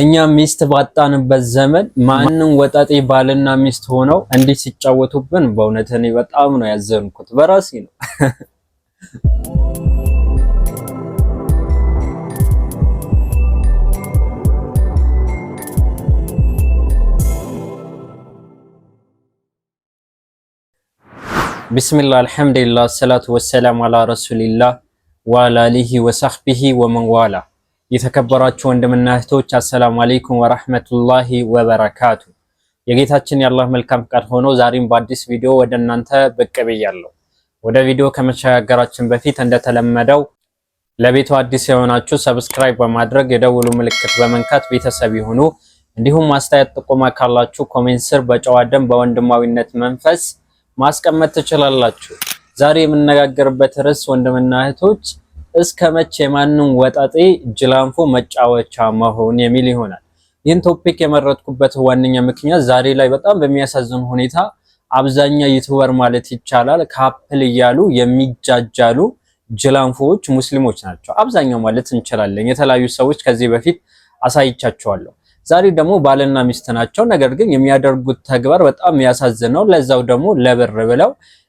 እኛ ሚስት ባጣንበት ዘመን ማንም ወጣጤ ባልና ሚስት ሆነው እንዲህ ሲጫወቱብን በእውነት እኔ በጣም ነው ያዘንኩት፣ በራሴ ነው። ቢስሚላህ አልሐምዱሊላህ ሰላቱ ወሰላም አላ ረሱሊላህ ዋላሊሂ ወሳህቢሂ ወመንዋላ የተከበራችሁ ወንድምና እህቶች አሰላሙ አለይኩም ወራህመቱላሂ ወበረካቱ። የጌታችን የአላህ መልካም ፍቃድ ሆኖ ዛሬም በአዲስ ቪዲዮ ወደ እናንተ ብቅ ብያለሁ። ወደ ቪዲዮ ከመሸጋገራችን በፊት እንደተለመደው ለቤቱ አዲስ የሆናችሁ ሰብስክራይብ በማድረግ የደውሉ ምልክት በመንካት ቤተሰብ ይሁኑ። እንዲሁም ማስተያየት፣ ጥቆማ ካላችሁ ኮሜንት ስር በጨዋ ደም በወንድማዊነት መንፈስ ማስቀመጥ ትችላላችሁ። ዛሬ የምነጋገርበት ርዕስ ወንድምና እህቶች እስከ መቼ የማንም ወጣጤ ጅላንፎ መጫወቻ መሆን የሚል ይሆናል። ይህን ቶፒክ የመረጥኩበት ዋነኛ ምክንያት ዛሬ ላይ በጣም በሚያሳዝን ሁኔታ አብዛኛው ዩቲዩበር ማለት ይቻላል ካፕል እያሉ የሚጃጃሉ ጅላንፎዎች ሙስሊሞች ናቸው። አብዛኛው ማለት እንችላለን። የተለያዩ ሰዎች ከዚህ በፊት አሳይቻቸዋለሁ። ዛሬ ደግሞ ባልና ሚስት ናቸው። ነገር ግን የሚያደርጉት ተግባር በጣም ያሳዝነው። ለዛው ደግሞ ለብር ብለው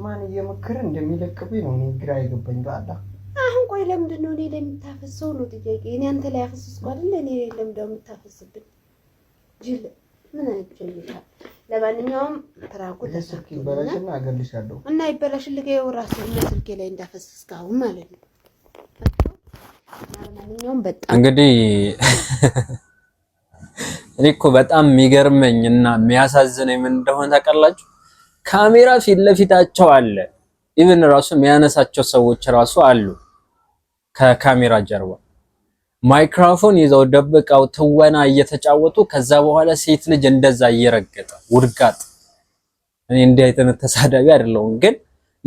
ማን እየመከረ እንደሚለቅብኝ ነው ግራ የገባኝ። በአላ አሁን ቆይ ለምንድን ነው እኔ ላይ የምታፈሰው ነው ጥያቄ። እኔ አንተ ላይ አፈሰስኩ አይደል? እኔ ላይ ነው የምታፈስብን? ጅል ምን አይጨይታል። ለማንኛውም ፕራንኩ ለስልክ ይበላሽና አገልሻለሁ እና ይበላሽል ልገው ራስህ ስልኬ ላይ እንዳፈሰስክ አሁን ማለት ነው። ለማንኛውም በጣም እንግዲህ እኔ እኮ በጣም የሚገርመኝ እና የሚያሳዝነኝ ምን እንደሆነ ታውቃላችሁ ካሜራ ፊት ለፊታቸው አለ። ኢቭን ራሱ የሚያነሳቸው ሰዎች ራሱ አሉ። ከካሜራ ጀርባ ማይክሮፎን ይዘው ደብቀው ትወና እየተጫወቱ ከዛ በኋላ ሴት ልጅ እንደዛ እየረገጠ ውርጋጥ። እኔ እንዲህ አይነት ተሳዳቢ አይደለሁም፣ ግን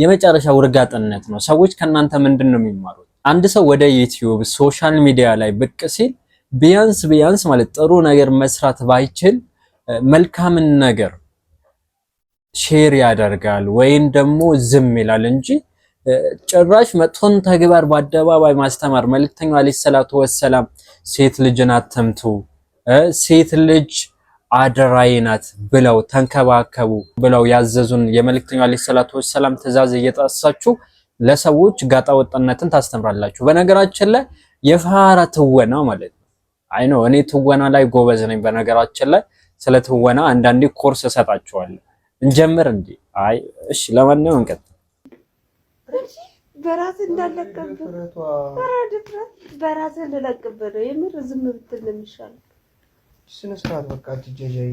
የመጨረሻ ውርጋጥነት ነው። ሰዎች ከእናንተ ምንድን ነው የሚማሩት? አንድ ሰው ወደ ዩቲዩብ ሶሻል ሚዲያ ላይ ብቅ ሲል ቢያንስ ቢያንስ ማለት ጥሩ ነገር መስራት ባይችል መልካምን ነገር ሼር ያደርጋል ወይም ደግሞ ዝም ይላል እንጂ ጭራሽ መጥፎን ተግባር በአደባባይ ማስተማር መልክተኛው አለይሂ ሰላቱ ወሰላም ሴት ልጅን አትምቱ፣ ሴት ልጅ አደራዬ ናት ብለው ተንከባከቡ ብለው ያዘዙን የመልክተኛው አለይሂ ሰላቱ ወሰላም ትእዛዝ እየጣሳችሁ ለሰዎች ጋጣ ታስተምራላችሁ። በነገራችን ላይ የፋራ ትወና ማለት ነው። አይ ነው እኔ ትወና ላይ ጎበዝ ነኝ። በነገራችን ላይ ስለ ትወና አንዳንዴ ኮርስ እሰጣችኋለሁ። እንጀምር እንዴ? አይ እሺ፣ ለማንኛውም እንቀጥል። በራስ እንዳለቀብህ በራስ እንደለቀብህ ነው። የምር ዝም ብትል ነው የሚሻለው። ስነ ስርዓት በቃ ትጀጃይ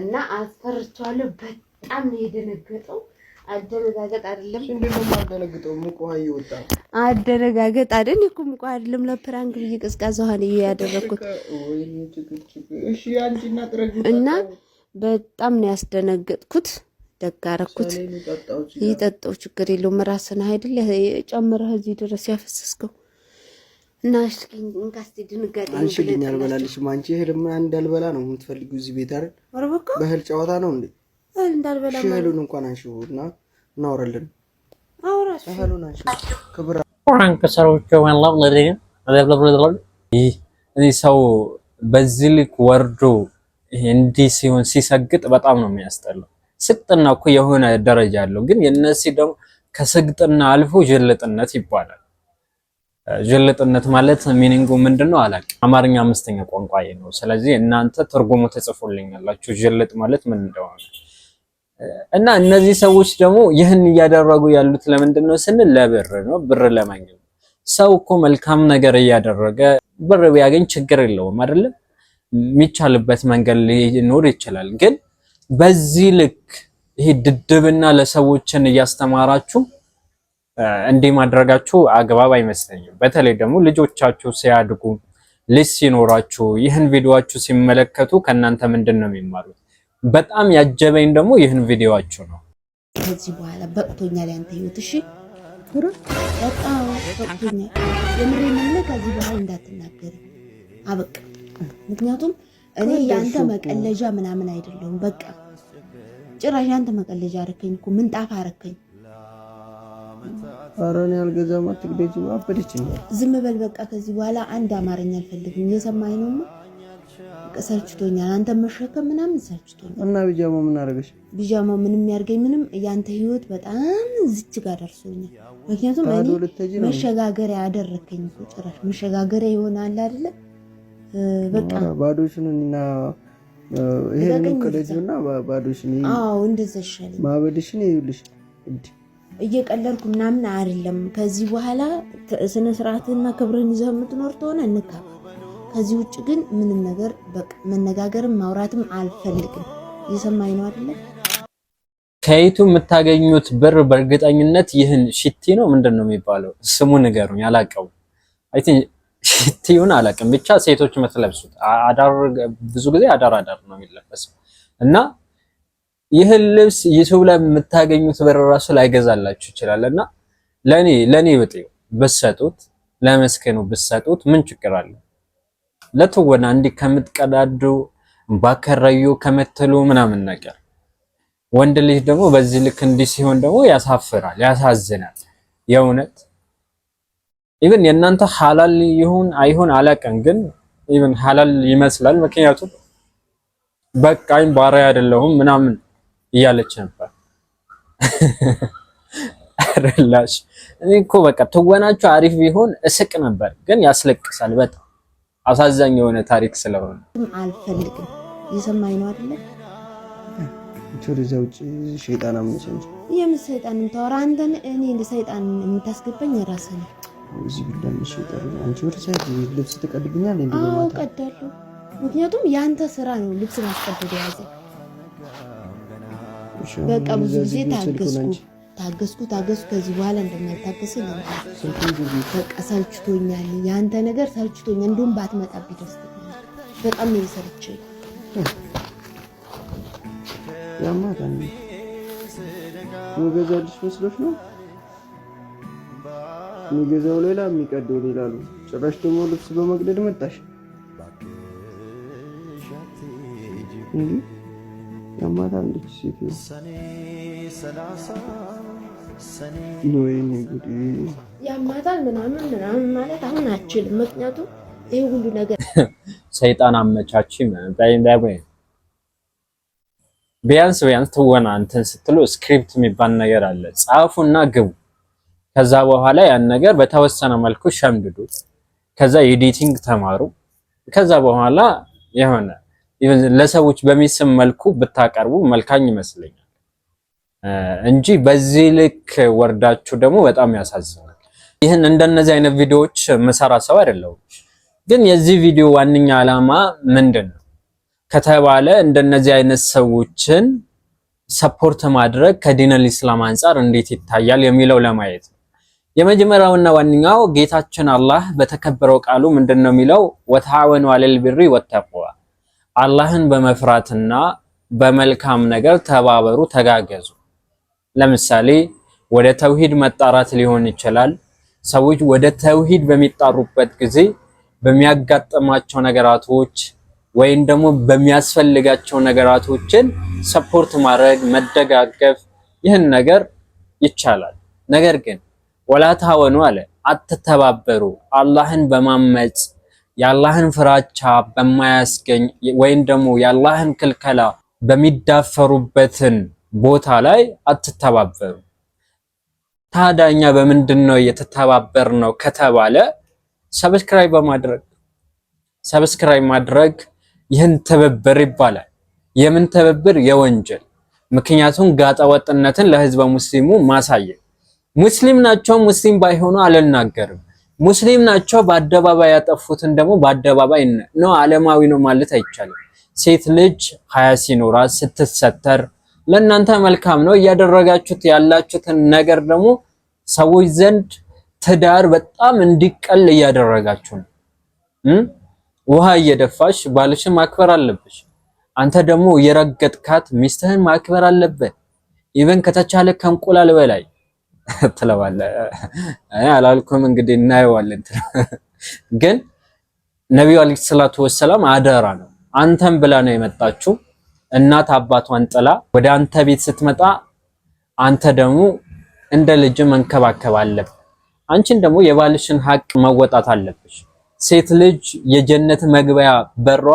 እና አስፈርቻለሁ። በጣም ነው የደነገጠው። አደረጋገጥ አይደለም እንዴ እንደውም አደረጋገጠው ሙቆ አይወጣ አደረጋገጥ አይደል እኮ ሙቆ አይደለም። ለፕራንክ ብዬ ቀዝቃዛ ውሃ ነው ያደረኩት እና በጣም ነው ያስደነገጥኩት። ደጋረኩት ይጠጣው ችግር የለውም ራስን አይደል ጨምረህ እዚህ ድረስ ያፈሰስከው እና እስኪ ድንጋጤ አንቺልኝ አልበላልሽም። አንቺ እህልም እንዳልበላ ነው የምትፈልጊው እዚህ ቤት አይደል? በእህል ጨዋታ ነው እንዴ? እንዳልበላ እህሉን እንኳን አንሺው እና እናወራለን። እህሉን አንሺው ክብር ቁርአን ከሰሮቹ ወላሁ ለደግ ይህ ሰው በዚህ ልክ ወርዶ ይሄ እንዲህ ሲሆን ሲሰግጥ በጣም ነው የሚያስጠላው። ስግጥና እኮ የሆነ ደረጃ አለው፣ ግን የነዚህ ደግሞ ከስግጥና አልፎ ጀልጥነት ይባላል። ጀልጥነት ማለት ሚኒንጉ ምንድነው አላውቅም። አማርኛ አምስተኛ ቋንቋ ነው። ስለዚህ እናንተ ትርጉሙ ተጽፎልኛላችሁ ጀልጥ ማለት ምን እንደሆነ እና እነዚህ ሰዎች ደግሞ ይህን እያደረጉ ያሉት ለምንድን ነው ስንል ለብር ነው፣ ብር ለማግኘት። ሰው እኮ መልካም ነገር እያደረገ ብር ቢያገኝ ችግር የለውም አይደለም የሚቻልበት መንገድ ሊኖር ይችላል። ግን በዚህ ልክ ይሄ ድድብና ለሰዎችን እያስተማራችሁ እንዲህ ማድረጋችሁ አግባብ አይመስለኝም። በተለይ ደግሞ ልጆቻችሁ ሲያድጉ ልጅ ሲኖራችሁ ይህን ቪዲዮችሁ ሲመለከቱ ከእናንተ ምንድን ነው የሚማሩት? በጣም ያጀበኝ ደግሞ ይህን ቪዲዮችሁ ነው። ከዚህ በኋላ በቅቶኛል ያንተ ህይወት። እሺ በጣም በቅቶኛል። የምሬ ከዚህ በኋላ እንዳትናገር አበቃ። ምክንያቱም እኔ ያንተ መቀለጃ ምናምን አይደለሁም። በቃ ጭራሽ ያንተ መቀለጃ አረከኝ እኮ ምንጣፍ አረከኝ። ኧረ እኔ አልገዛም፣ አትግደጂ። አበደችኝ። ዝም በል በቃ። ከዚህ በኋላ አንድ አማርኛ አልፈልግም። እየሰማኝ ነው። ሰልችቶኛል። አንተ መሸከም ምናምን ሰልችቶኛል። እና ቢጃማ ምን አደረገሽ? ቢጃማ ምንም ያርገኝ ምንም፣ ያንተ ህይወት በጣም ዝች ጋር ደርሶኛል። ምክንያቱም እኔ መሸጋገሪያ አደረከኝ ጭራሽ መሸጋገሪያ ይሆናል አይደለም በቃ ማበድሽን እየቀለድኩ ምናምን አይደለም። ከዚህ በኋላ ስነ ስርዓትና ክብርን ይዘህ የምትኖር ተሆነ እንካ። ከዚህ ውጭ ግን ምንም ነገር በቃ መነጋገርም ማውራትም አልፈልግም። እየሰማኝ ነው አይደለም? ከይቱ የምታገኙት ብር በእርግጠኝነት ይህን ሽቲ ነው ምንድን ነው የሚባለው? ስሙ ንገሩኝ፣ አላቀው አይ ቲንክ ሴትዮን አላውቅም፣ ብቻ ሴቶች የምትለብሱት አዳር፣ ብዙ ጊዜ አዳር አዳር ነው የሚለበሰው እና ይህን ልብስ ዩቲዩብ ላይ የምታገኙት ብር ራሱ ላይገዛላችሁ ይችላል። እና ለኔ ለኔ ብጤው ብሰጡት ለመስከኑ ብሰጡት ምን ችግር አለ? ለትወና እንዲህ ከምትቀዳዱ ባከራዩ ከመትሉ ምናምን ነገር ወንድ ልጅ ደግሞ በዚህ ልክ እንዲህ ሲሆን ደግሞ ያሳፍራል፣ ያሳዝናል የእውነት ኢቨን የእናንተ ሐላል ይሁን አይሁን አላውቅም፣ ግን ኢቨን ሐላል ይመስላል። ምክንያቱም በቃኝ ባሪያ አይደለሁም ምናምን እያለች ነበር። አረላሽ እኔ እኮ በቃ ትወናችሁ አሪፍ ቢሆን እስቅ ነበር፣ ግን ያስለቅሳል። በጣም አሳዛኝ የሆነ ታሪክ ስለሆነ አልፈልግም። እየሰማኝ ነው አይደለ? ቱሪዘውጭ ሰይጣን አምሰ የምን ሰይጣን የምታወራ አንተን እኔ እንደ ሰይጣን የምታስገባኝ የራስህ ነው። እዚህ ቢላ ይሸጣል። አንቺ ወደ ሳይ ልብስ ትቀድብኛል እንዴ? አዎ ቀዳለሁ። ምክንያቱም ያንተ ስራ ነው ልብስ ማስቀደድ የያዘ። በቃ ብዙ ጊዜ ታገስኩ ታገስኩ ታገስኩ። ከዚህ በኋላ እንደማይታገስ በቃ ሰልችቶኛል። የአንተ ነገር ሰልችቶኛል። እንዲሁም ባትመጣብኝ ደስ በጣም ነው የሰለቸ። ያማታል ወገዛልሽ መስሎሽ ነው የሚገዛው ሌላ የሚቀደው ሌላ ነው። ጭራሽ ደግሞ ልብስ በመቅደድ መጣሽ። ያማታ አንዲት ሴት ነው ወይ ያማታል ምናምን ምናምን ማለት አሁን አችልም። ምክንያቱም ይህ ሁሉ ነገር ሰይጣን አመቻች። ቢያንስ ቢያንስ ትወና እንትን ስትሉ ስክሪፕት የሚባል ነገር አለ። ጻፉና ግቡ ከዛ በኋላ ያን ነገር በተወሰነ መልኩ ሸምድዱት። ከዛ ኤዲቲንግ ተማሩ። ከዛ በኋላ የሆነ ለሰዎች በሚስም መልኩ ብታቀርቡ መልካኝ ይመስለኛል እንጂ በዚህ ልክ ወርዳችሁ ደግሞ በጣም ያሳዝናል። ይህን እንደነዚህ አይነት ቪዲዮዎች መሰራ ሰው አይደለሁም፣ ግን የዚህ ቪዲዮ ዋነኛ ዓላማ ምንድን ነው ከተባለ እንደነዚህ አይነት ሰዎችን ሰፖርት ማድረግ ከዲነል ኢስላም አንጻር እንዴት ይታያል የሚለው ለማየት ነው። የመጀመሪያውና ዋነኛው ጌታችን አላህ በተከበረው ቃሉ ምንድን ነው የሚለው? ወተዓወኑ አለል ቢሪ ወተቅዋ፣ አላህን በመፍራትና በመልካም ነገር ተባበሩ፣ ተጋገዙ። ለምሳሌ ወደ ተውሂድ መጣራት ሊሆን ይችላል። ሰዎች ወደ ተውሂድ በሚጣሩበት ጊዜ በሚያጋጥማቸው ነገራቶች ወይም ደግሞ በሚያስፈልጋቸው ነገራቶችን ሰፖርት ማድረግ መደጋገፍ፣ ይህን ነገር ይቻላል። ነገር ግን ወላታወኑ አለ አትተባበሩ አላህን በማመጽ የአላህን ፍራቻ በማያስገኝ ወይም ደግሞ የአላህን ክልከላ በሚዳፈሩበትን ቦታ ላይ አትተባበሩ። ታዳኛ በምንድን ነው የተተባበር ነው ከተባለ ሰብስክራይብ በማድረግ ሰብስክራይብ ማድረግ ይህን ትብብር ይባላል። የምን ትብብር? የወንጀል ምክንያቱም ጋጣ ወጥነትን ለህዝበ ሙስሊሙ ማሳየት ሙስሊም ናቸው ሙስሊም ባይሆኑ አልናገርም። ሙስሊም ናቸው በአደባባይ ያጠፉትን ደግሞ በአደባባይ ነው ዓለማዊ ነው ማለት አይቻልም። ሴት ልጅ ሀያ ሲኖራት ስትሰተር ለእናንተ መልካም ነው። እያደረጋችሁት ያላችሁትን ነገር ደግሞ ሰዎች ዘንድ ትዳር በጣም እንዲቀል እያደረጋችሁ ነው። ውሃ እየደፋሽ ባልሽን ማክበር አለብሽ። አንተ ደግሞ የረገጥካት ሚስትህን ማክበር አለበት። ኢቨን ከተቻለ ከእንቁላል በላይ ትለዋለህ። አላልኩም እንግዲህ እናየዋለን። ግን ነቢዩ አለይሂ ሰላቱ ወሰላም አደራ ነው። አንተም ብላ ነው የመጣችው እናት አባቷን ጥላ ወደ አንተ ቤት ስትመጣ አንተ ደግሞ እንደ ልጅ መንከባከብ አለብህ። አንቺን ደግሞ የባልሽን ሀቅ መወጣት አለብሽ። ሴት ልጅ የጀነት መግቢያ በሯ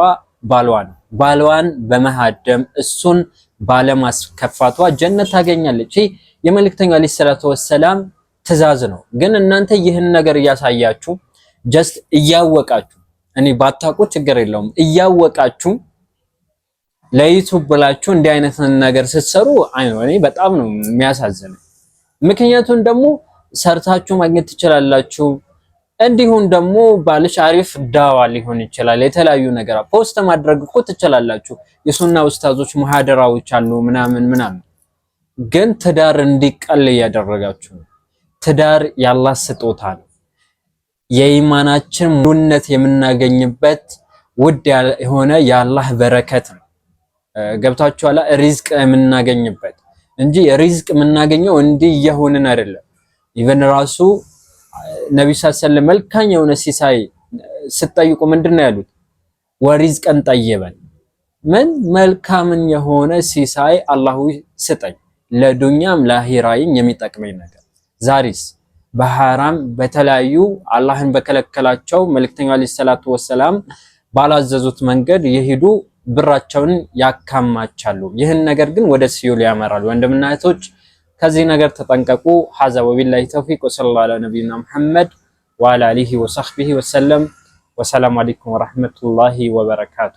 ባሏ ነው። ባሏን በመሃደም እሱን ባለማስከፋቷ ጀነት ታገኛለች። የመልእክተኛው አለይሂ ሰላቱ ወሰላም ትእዛዝ ነው። ግን እናንተ ይህን ነገር እያሳያችሁ ጀስት እያወቃችሁ እኔ ባታውቁ ችግር የለውም እያወቃችሁ ለዩቱብ ብላችሁ እንዲህ አይነት ነገር ስትሰሩ አይ እኔ በጣም ነው የሚያሳዝነው። ምክንያቱም ደግሞ ሰርታችሁ ማግኘት ትችላላችሁ። እንዲሁም ደግሞ ባልሽ አሪፍ ዳዋ ሊሆን ይችላል። የተለያዩ ነገር ፖስት ማድረግ እኮ ትችላላችሁ። የሱና ኡስታዞች መሐደራዎች አሉ ምናምን ምናምን ግን ትዳር እንዲቀል እያደረጋችሁ ነው። ትዳር ያላ ስጦታ ነው። የኢማናችን ሙሉነት የምናገኝበት ውድ የሆነ የአላህ በረከት ነው። ገብታችኋላ? ሪዝቅ የምናገኝበት እንጂ ሪዝቅ የምናገኘው እንዲህ እየሆንን አይደለም። ኢቨን ራሱ ነቢ ሳሰለ መልካኝ የሆነ ሲሳይ ስጠይቁ ምንድን ነው ያሉት? ወሪዝቀን ጠይበን ምን መልካምን የሆነ ሲሳይ አላሁ ስጠኝ ለዱኛም ለአሂራይም የሚጠቅመኝ ነገር ዛሬስ በሐራም በተለያዩ አላህን በከለከላቸው መልክተኛው አለይሂ ሰላቱ ወሰላም ባላዘዙት መንገድ የሄዱ ብራቸውን ያካማቻሉ። ይህን ነገር ግን ወደ ሲኦል ያመራሉ። ወንድምና እህቶች ከዚህ ነገር ተጠንቀቁ። ሀዛ ወቢላሂ ተውፊቅ ወሰለላሁ ዐላ ነቢይና መሐመድ ወዐላ አሊሂ ወሰህቢሂ ወሰለም። ወሰላሙ አለይኩም ወራህመቱላሂ ወበረካቱ።